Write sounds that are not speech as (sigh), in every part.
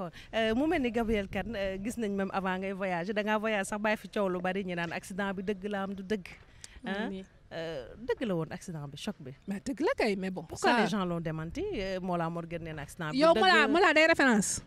accord euh, mu mel ni Gabrielle Kane euh, gis nañ même avant ngay voyagé da ngaa sax bàyyi fi coow lu bari ñu naan accident bi dëgg la am du dëgg. Ah, euh, dëgg la woon accident bi choc bi. mais dëgg la kay mais bon. pourquoi les gens l'ont démenti Mollah Morgun nee na accident bi. yow Mollah Mollah day référence.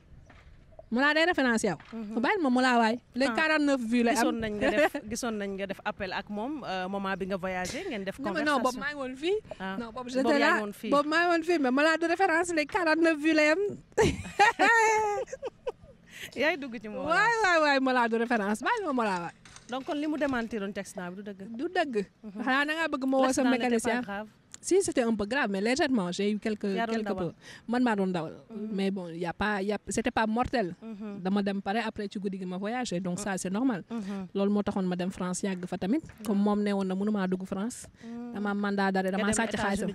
Moulaa day référence yow. Mhm. bàyyil ma Moulaa waay. Ah. léegi 49 vues lay am gisoon nañ nga def (laughs) gisoon nañ nga def appel ak moom euh, moment bi nga voyagé ngeen def. conversation non boobu maa ngi woon fii. Ah. non boobu j'étais là boobu maa ngi référence léegi 49 vues lay am. (laughs) yaay dugg ci Moulaa waay waay waay Moulaa de référence bàyyil ma Moulaa donc kon li mu démentiroon texte naa bi du dëgg. du dëgg. Mhm. xanaa bëgg ma woo mécanicien. si c'était un peu grave mais légèrement j'ai quelque quelque peu man maa doon dawal mm-hmm. mais bon y a pas pas mortel mm-hmm. dama dem pare après ci guddi gi ma voyagé donc ça c'est normal mm-hmm. loolu moo taxoon ma dem France yàgg fa tamit comme moom nee woon na mënumaa dugg France dama mandat d'arrêt dama sàcc xaalisam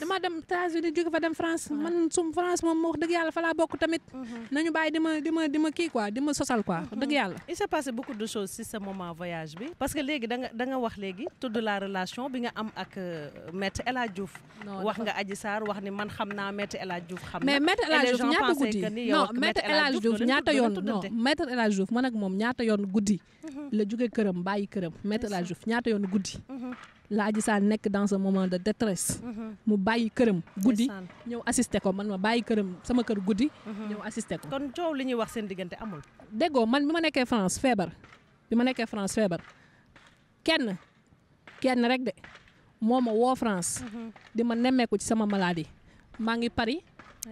dama dem États-Unis jóge fa dem France man sum France moom wax dëgg yàlla fa bokk tamit nañu bàyyi di ma kii quoi di ma sosal quoi dëgg yàlla ce maître El Hadj Diouf wax nga Adji Sarr wax ni man xam naa maître El xam na mais maître El Hadj Diouf ñaata guddi non maître El Hadj Diouf ñaata yoon non maître El Hadj Diouf man ak moom ñaata yoon guddi mhm. la jóge këram bàyyi këram mhm. maître El Hadj Diouf ñaata yoon guddi mhm. la Adji Sarr nekk dans un moment de détresse mu bàyyi këram guddi ñëw assister ko man ma bàyyi këram sama kër guddi ñëw assister ko kon coow li ñuy wax seen diggante amul déggoo man bi ma nekkee France feebar bi ma nekkee France feebar kenn kenn rek de moo ma woo France. Mm-hmm. di ma nemmeeku ci sama maladie. maa ngi Paris.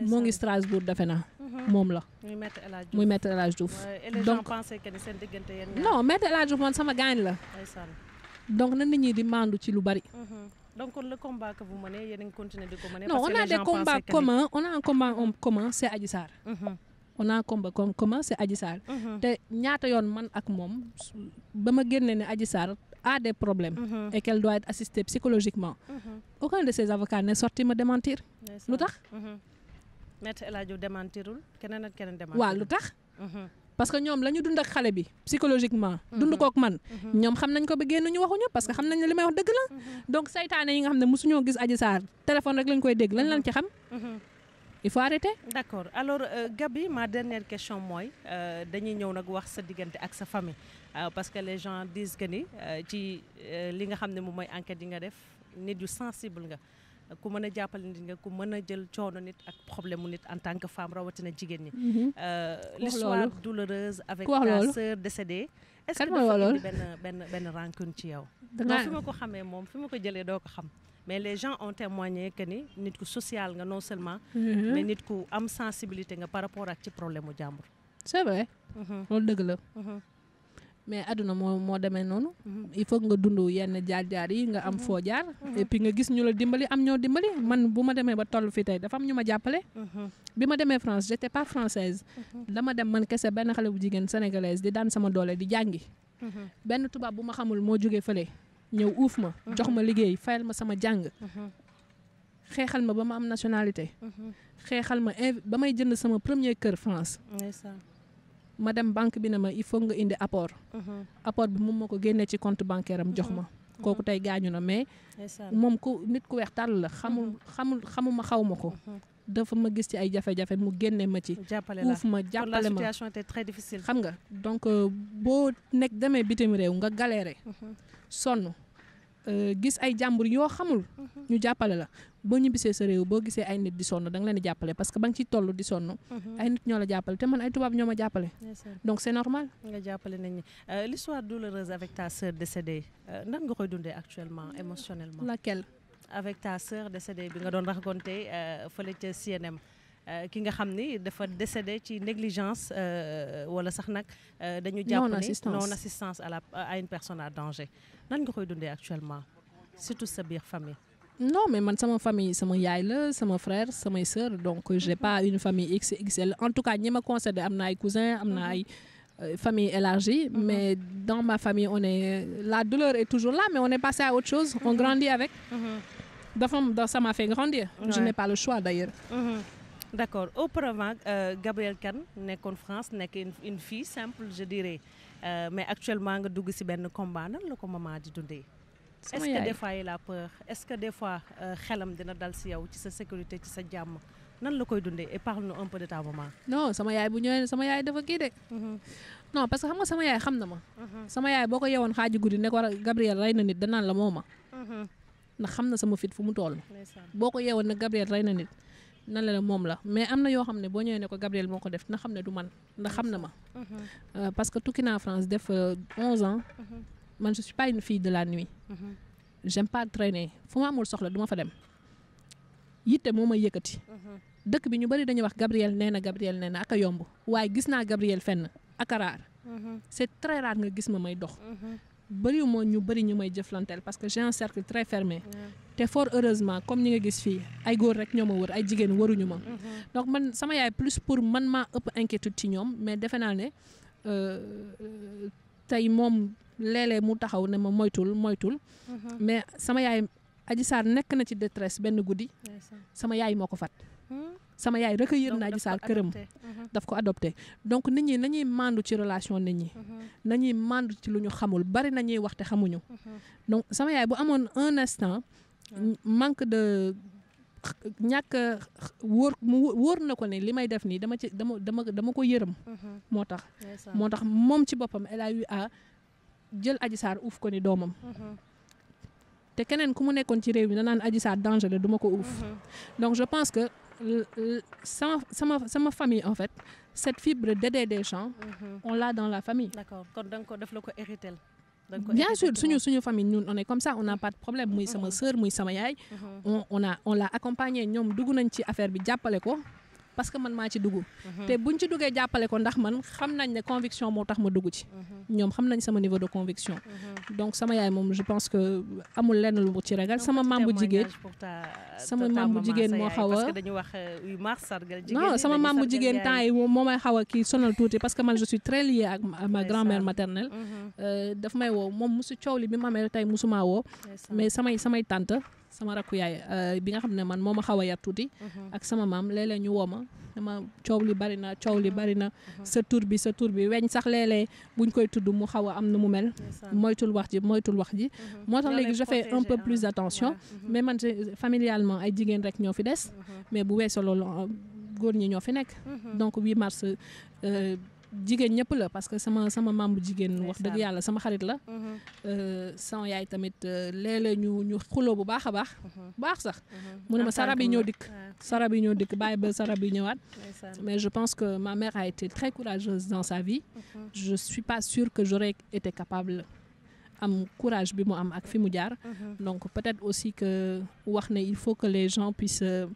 moo ngi Strasbourg defe naa. Mm-hmm. moom la. muy maître El Hadj Diouf muy maître El Hadj Diouf. donc non maître El Hadj Diouf man sama gaañ la. donc na nit ñi di maandu ci lu bari. Mm-hmm. donc le combat que vous menez yéen a ngi continuer di ko a des combats communs on a un combat en commun c' est te ñaata yoon man ak moom ba ma génnee ne Adji Sarr a des problèmes mm -hmm. et qu'elle doit être assistée psychologiquement. Mm -hmm. Aucun de ses avocats n'est sorti me démentir. lu tax. Mm-hmm. maître El keneen ak keneen démentirul. waaw lu tax. Mm-hmm. parce que ñoom la ñu dund ak xale bi psychologiquement. Mm-hmm. dund kook man. ñoom xam nañ ko ba génn ñu waxuñu parce que xam nañ ne li may wax dëgg la. donc saytaane yi nga xam ne mosuñoo gis Adji Sarr téléphone rek lañ koy dégg lañ lañ ci xam. il faut arrêter. d'accord alors euh, Gabi ma dernière question mooy euh, dañuy ñëw nag wax sa diggante ak sa famille euh, parce que les gens disent que ni euh, ci li nga xam ne moom mooy enquête yi nga def nit yu sensible nga ku mën a jàppale nit nga ku mën a jël coono nit ak problème mu nit en tant que femme rawatina jigéen ñi. Mm-hmm. l'histoire douloureuse avec ta sœur décédée. est-ce que dafa indi benn benn benn rancune ci yow. da fi ma ko xamee moom fi ma ko jëlee doo ko xam. mais les gens ont témoigné que nit ku social nga non seulement. Mhm. mais nit ku am sensibilité nga par rapport ak ci problème mu jàmbur. c'est vrai. Mhm. loolu dëgg la. Mhm. mais àdduna moo moo demee noonu. il faut nga dund yenn jaar-jaar yi nga am foo jaar. et nga gis ñu la dimbali am ñoo dimbali man bu ma demee ba toll fii tey dafa am ñu ma jàppale. bi ma demee France j'étais pas française. dama dem man kese benn xale bu jigéen sénégalaise di daan sama doole di jàngi. benn ma xamul moo jógee ñëw uuf ma mhm. jox ma liggéey fayal ma sama jàng mhm. xeexal ma ba ma am nationalité mhm. xeexal ma ba may jënd sama premier kër France ma dem banque bi na ma il faut nga indi apport apport bi moom moo ko génnee ci compte bancaire am jox ma kooku tey gaañu na mais moom ku nit ku weex tàll la xamul xamul xamuma xaw ma ko dafa ma gis ci ay jafe-jafe mu génne ma ci. jàppale la uuf ma jàppale ma la situation xam nga donc euh, boo nekk demee bitim réew nga galéré. Mhm. sonn euh, gis ay jàmbur yoo xamul. Mhm. ñu jàppale la boo ñibbisee sa réew boo gisee ay nit di sonn da nga leen di jàppale parce que ba nga ciy toll di sonn. Mhm. ay nit ñoo la jàppale te man ay tubaab ñoo ma jàppale. donc c'est normal. nga jàppale nañ euh, l'histoire douloureuse avec ta sœur décédée nan nga koy dundee actuellement émotionnellement. laquelle. avec ta sœur décédée bi nga doon raconté euh, fële ca CNM euh, ki nga xam ni dafa décédé ci négligence euh, wala sax nag dañu jàpp ni non assistance à la à une personne à danger nan nga koy dundee actuellement surtout sa biir famille non mais man sama famille sama yaay la sama frère samay sœur donc j'ai mhm. pas une famille XXL en tout cas ñi ma considéré am na ay cousin am na mhm. ay famille élargie mhm. mais dans ma famille on est la douleur est toujours là mais on est passé à autre chose dafa ça m'a nga grandir. Ouais. je n'ai pas le choix d'ailleurs. Mm -hmm. d'accord auparavant euh, Gabrielle Kane nekkoon France nekk une, une fille simple je dirais euh, mais actuellement nga dugg si benn combat nan la ko maman di dundee. fois il a peur que des fois euh, xelam dina dal ci yow ci sa sécurité sa jàmm. nan la koy dundee et parle-nous un peu sama yaay bu ñëwee sama yaay dafa kii de. Mhm. parce que xam nga sama yaay xam na ma. Mhm. sama yaay boo ko yewoon xaaju guddi ne ko Gabrielle rey na nit danaan la moo ma. Mhm. ndax xam na sama fit fu mu toll. boo ko yeewoon nag Gabriel rey na nit. na la moom la mais am na yoo xam ne boo ñëwee ne ko Gabriel moo ko def na xam ne du man ndax xam na ma. Mm-hmm. Euh, parce que tukki naa France def 11 euh, ans. Mm-hmm. man je suis fii de la nuit. Mm-hmm. j'aime pas traîner fu ma amul soxla du fa dem. yitte moo may yëkkati. dëkk bi ñu bari dañuy wax Gabriel nee na Gabriel nee na ak a yomb waaye gis naa Gabriel fenn ak raar. c'est très nga gis ma may dox. bëriwu moon ñu bëri ñu may jëflanteel parce que j'ai un cercle très fermé te fort heureusement comme ñi nga gis fii ay góor rek ñoo ma wër ay jigéen waruñu ma mhm. donc man sama yaay plus pour man maa ëpp inquiétude ci ñoom mais defe naa ne euh, tey moom léeg mu taxaw ne ma moytul moytul mhm. mais sama yaay Adji Sarr nekk na ci détresse benn guddi sama yaay moo ko fat hmm? sama yaay recueillir na Adji Sarr këram mhm. daf ko adopté donc nit ñi nañuy màndu ci relation nit ñi mhm. nañuy màndu ci lu ñu xamul bari nañuy wax te xamuñu mhm. donc sama yaay bu amoon un instant manque de ñàkk wóor mu wóor na ko ne li may def nii dama ci dama dama dama ko yërëm moo tax moo tax moom ci boppam elle a eu à jël Adji Sarr uuf ko ni doomam te keneen ku mu nekkoon ci réew mi danaan Adji Sarr danger ko uuf donc je pense que sama sama sama famille en fait cette fibre d'aider des gens. on l'a dans la famille. d'accord kon da nga ko def la ko héritel. bien sûr suñu suñu famille ñun on est comme ça on n'a mhm. pas de problème muy sama mhm. sœur muy sama yaay. Mhm. on on a on l'a accompagné ñoom dugg nañ ci affaire bi jàppale ko. parce que man maa ci dugg. Mhm. te buñ ci duggee jàppale ko ndax man xam nañ ne conviction moo tax ma dugg ci. Mhm. ñoom xam nañ sama niveau de conviction. Mhm. donc sama yaay moom je pense que amul lenn lu ci ragal sama maam bu jigéen. sama maam bu moo xaw a wax 8 euh, mars sargal sama maam bu jigéen temps yi moom moo may xaw kii sonal tuuti parce que man je suis très liée ak ma grand-mère maternelle. Euh, daf may woo moom mosu coow li bi ma amee tey mosumaa woo. mais samay samay tante sama rakku yaay euh, bi nga xam ne man moo ma xaw a yar tuuti mhm. ak sama maam léeg-léeg ñu woo ma dama coow li bari na coow li mhm. bari na mhm. sa tur bi sa tur bi weñ sax léeg-léeg buñ koy tudd mu xaw am na mu mel moytul wax ji moytul wax ji moo tax léegi je fais un peu plus attention mais man familialement ay jigéen rek ñoo fi des mais bu weesoo loolu euh, góor ñi ñoo fi nekk donc 8 mars euh, jigéen ñëpp la parce que sama sama maam bu jigéen wax dëgg yàlla sama xarit la mm-hmm. euh, sama yaay tamit euh, léeg ñu ñu xuloo bu baax a baax mm-hmm. baax sax mm-hmm. mu ne ma sarab yi ñoo dikk sarab yi ñoo dikk bàyyi ba sarab yi ñëwaat mais je pense que ma mère a été très courageuse dans sa vie je suis pas sûre que j'aurais été capable am courage bi mu am ak fi mu jaar donc peut-être aussi que wax ne il faut que les gens puissent euh,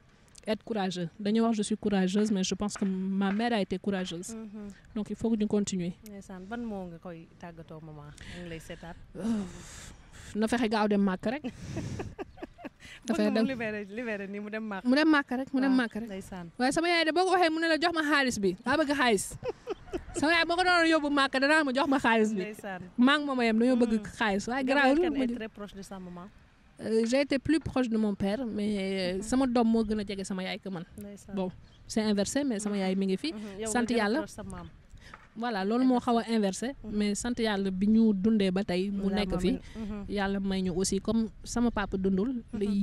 être courageux dañuy wax je suis courageuse mais je pense que ma mère a été courageuse. Mm-hmm. donc il faut que ñu continuer. moo nga koy tàggatoo maman mu ngi lay na fexe gaaw dem màkk rek. dafay (laughs) dem libéré libéré nii mu dem màkk. mu dem màkk rek mu dem màkk rek. waaye sama yaay de boo ko waxee mu ne la jox ma xaalis bi daa bëgg xaalis. (laughs) sama yaay boo ko doon yóbbu màkk danaa ma jox ma xaalis bi. maa ngi moom a yem dañoo bëgg mm. xaalis waaye. garaawul ma très proche de sa Euh, j'ai été plus proche de mon père mais euh, mhm. sama doom moo gën a jege sama yaay que man. bon c'est inversé mais sama yaay mi ngi fi. Mhm. sant yàlla voilà loolu moo xaw a inversé. Mhm. mais sant yàlla bi ñu dundee ba tey mu nekk fi. yàlla may ñu aussi comme sama papa dundul.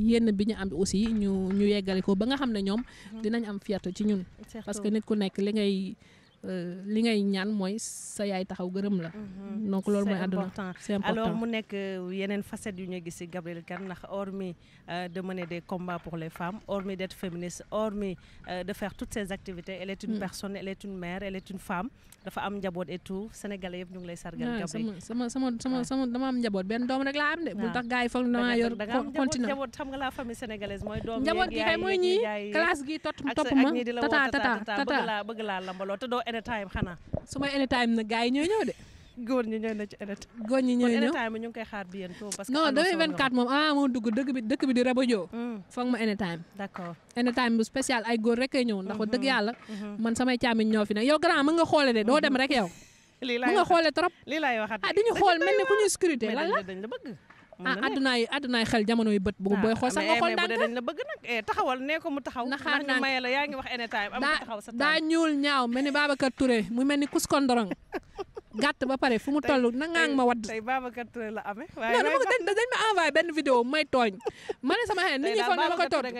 yenn bi ñu am aussi ñu ñu yeggale ko ba nga xam ne ñoom. dinañ am fierté ci ñun. parce que nit ku nekk li ngay. Euh, li ngay ñaan mooy sa yaay taxaw gërëm la. Mhm. donc loolu mooy àdduna c'est important mu nekk euh, yeneen facettes yu ñu gis ci Gabrielle Kane ndax hormis euh, de mener des combats pour les femmes hormis de faire toutes ces activités elle mm. tout sénégalais yëpp ñu lay sargal. Gabrielle benn doom rek laa am de. bul ah. tax gars yi foog damaa yor. continent njaboot la famille sénégalaise mooy. njaboot gi kay mooy ñii classe gi tot topp ma. tata tata tata bëgg laa lambaloo te doo anytime xanaa. su ma anytime nag gars yi ñoo ñëw de. góor ñi ñëw anytime ñu ngi koy moom ah moom dugg dëkk bi di rabajo. Mm. foog ma anytime. anytime bu spécial ay góor rek ay ñëw. ndax dëgg mm-hmm. yàlla. Mm-hmm. man samay càmmiñ ñoo fi ne yow grand mën nga xoole de doo dem rek yow. (laughs) lii nga xoole trop. lii laay ah, xool mel ni ku ñuy scruté (laughs) lan la ah addunaay addunaay xel jamono yu bët bu booy xool ah, xool ndànk dañ la bëgg nag eh, taxawal ne ko mu taxaw na ndax ñu maye la yaa ngi wax en état am taxaw sa daa ñuul ñaaw mel ni Babacar Touré mu mel ni kuskondorong gàtt ba pare fu mu toll na ngaang ma wadd tey Babacar Touré la amee waaye dañ dañ ma envoyé benn vidéo may tooñ ma ne sama xel nit ñi foog na ma koy tontu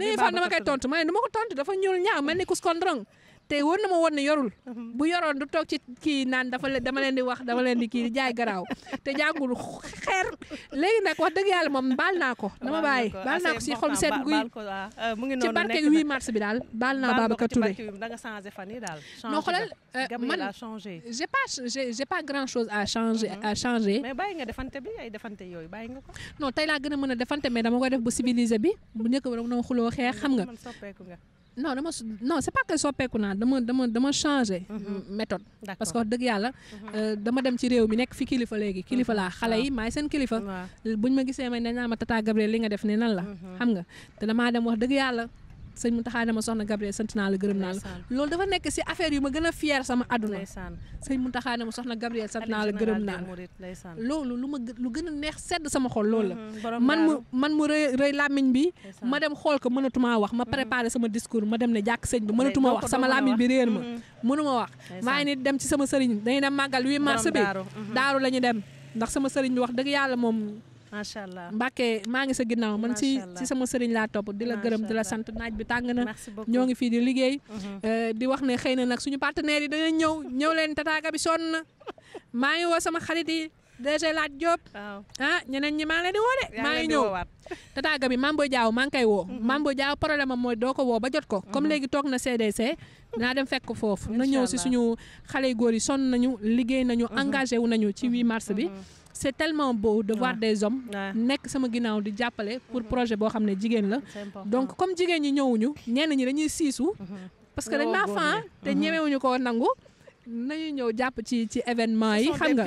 nit ñi foog na ma koy tontu ma ne du ma ko tontu dafa ñuul ñaaw mel ni kuskondorong te wër na ma woon ne yorul (laughs) mhm. bu yoroon du toog ci kii naan dafa leen dama leen di wax dama leen di kii di jaay garaaw te jàngul xeer léegi nag dëgg yàlla moom baal naa ko dama bàyyi baal naa ko si xol seen guy euh, ci barke 8 mars bi daal baal naa Babacar Touré non xoolal euh, man j'ai pas j'ai pas grand chose à changer mhm. à changer mais bàyyi nga defante bi ay defante yooyu bàyyi nga ko non tey laa gën a mën a defante mais dama koy def bu civilisé bi bu njëkk ba dama xuloo xeex mm, xam nga non dama non c'est pas que soppeeku naa dama dama dama changer mhm. méthode parce que wax dëgg yàlla mhm. euh, dama dem ci réew mi nekk fi kilifa léegi kilifa laa mhm. xale yi maay seen kilifa bu buñ ma gisee may ne naa ma tata li nga def ne nan la xam nga te damaa dem wax dëgg yàlla sëñ Mountakha ma soxna Gabriel sant naa la gërëm naa la loolu dafa nekk si affaire yu ma gën a fier sama àdduna sëñ Mountakha dama soxna Gabriel sant naa la gërëm naa la loolu lu ma lu gën a neex sedd sama xol loolu la mm-hmm, man mu man mu rëy rëy làmmiñ bi ma dem xool ko mënatuma wax ma mm-hmm. préparé sama discours ma dem ne jàkk sëñ bi mënatuma wax sama làmmiñ bi réer ma mm-hmm. mënuma wax maa ngi dem ci sama sëriñ dañuy dem màggal 8 mars bi daaru la ñu dem ndax sama sëriñ bi wax macha allah Mbacke maa ngi sa ginnaaw man si ci sama sëriñ laa topp di la gërëm di la sant naaj bi tàng na ñoo ngi fii di liggéey mhm. eh, di wax ne xëy na nag suñu partenaires yi dana ñëw ñëw leen tataaka bi sonn na maa ngi woo sama xarit yi DG Laat Diop ah ñeneen ñi maa ngi leen di woo de maa ngi ñëw tataaga bi Mambo Diaw maa ngi koy woo mhm. Mambo Diaw problème am mooy doo ko woo ba jot ko mhm. comme léegi toog na CDC naa dem fekk foofu na ñëw si suñu xale góor yi sonn nañu liggéey nañu engagé wu nañu ci 8 mars bi c'est tellement beau de voir des hommes nekk sama ginnaaw di jàppale pour mm-hmm. projet boo xam ne jigéen la donc comme jigéen ñi ñëwuñu ñenn ñi dañuy siisu mm-hmm. parce que dañ maa fan te mm-hmm. ñemewuñu ko nangu nañu ñëw jàpp ci ci événement yi xam nga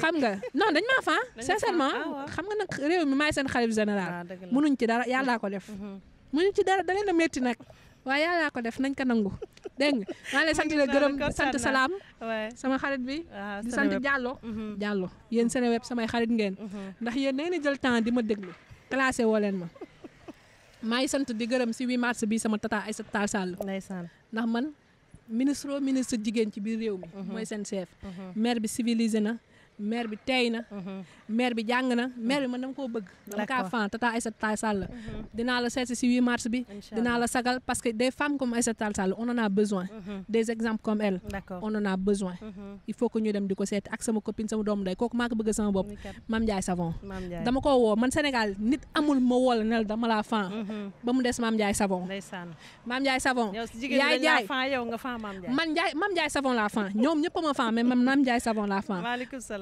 xam nga non dañ maa fan sincèrement ah, xam nga nag réew mi maay seen xalif général ah, munuñ ci dara yàllaa ko def munuñ ci dara da leen a métti nag waaye yàllaa ko def nañ ko nangu dégg nga maa ngi lay sant la gërëm sant salaam. sama xarit bi. Ah, di sant Diallo. Mhm. Diallo yéen Seneweb samay xarit ngeen. Mhm. ndax yéen nee jël temps di ma déglu classé woo leen ma. maa ngi sant di gërëm si 8 mars bi sama tata Aïssata Tall Sall. ndeysaan ndax man ministre ministre jigéen ci biir réew mi. Mhm. mooy seen chef. maire bi civilisé na. maire bi tey na. maire mhm. bi na maire bi man dama koo bëgg. dama kaa fan tata Aïssata Tall Sall. Mhm. dinaa la seet si 8 mars bi. dinaa la sagal parce que des femmes comme Aïssata Tall Sall on en a besoin. Mhm. des exemples comme elle. on en a besoin. il faut que ñu dem di ko seet ak sama copine sama doomu ndey kooku maa bëgg sama bopp. Mame Ndiaye Savon. dama ko woo man Sénégal nit amul ma woo la nel dama laa fan. ba mu des Mame Ndiaye Savon. Mame jaay Savon laa fan ñoom ñëpp a ma fan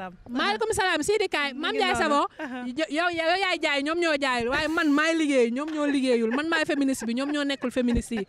salaam (laughs) maaleykum salaam Sidi Kaay Mame Ndiaye Savon yow yow yaay jaay ñoom ñoo jaayul waaye man maay liggéey ñoom ñoo liggéeyul man maay féministe bi ñoom ñoo nekkul féministe yi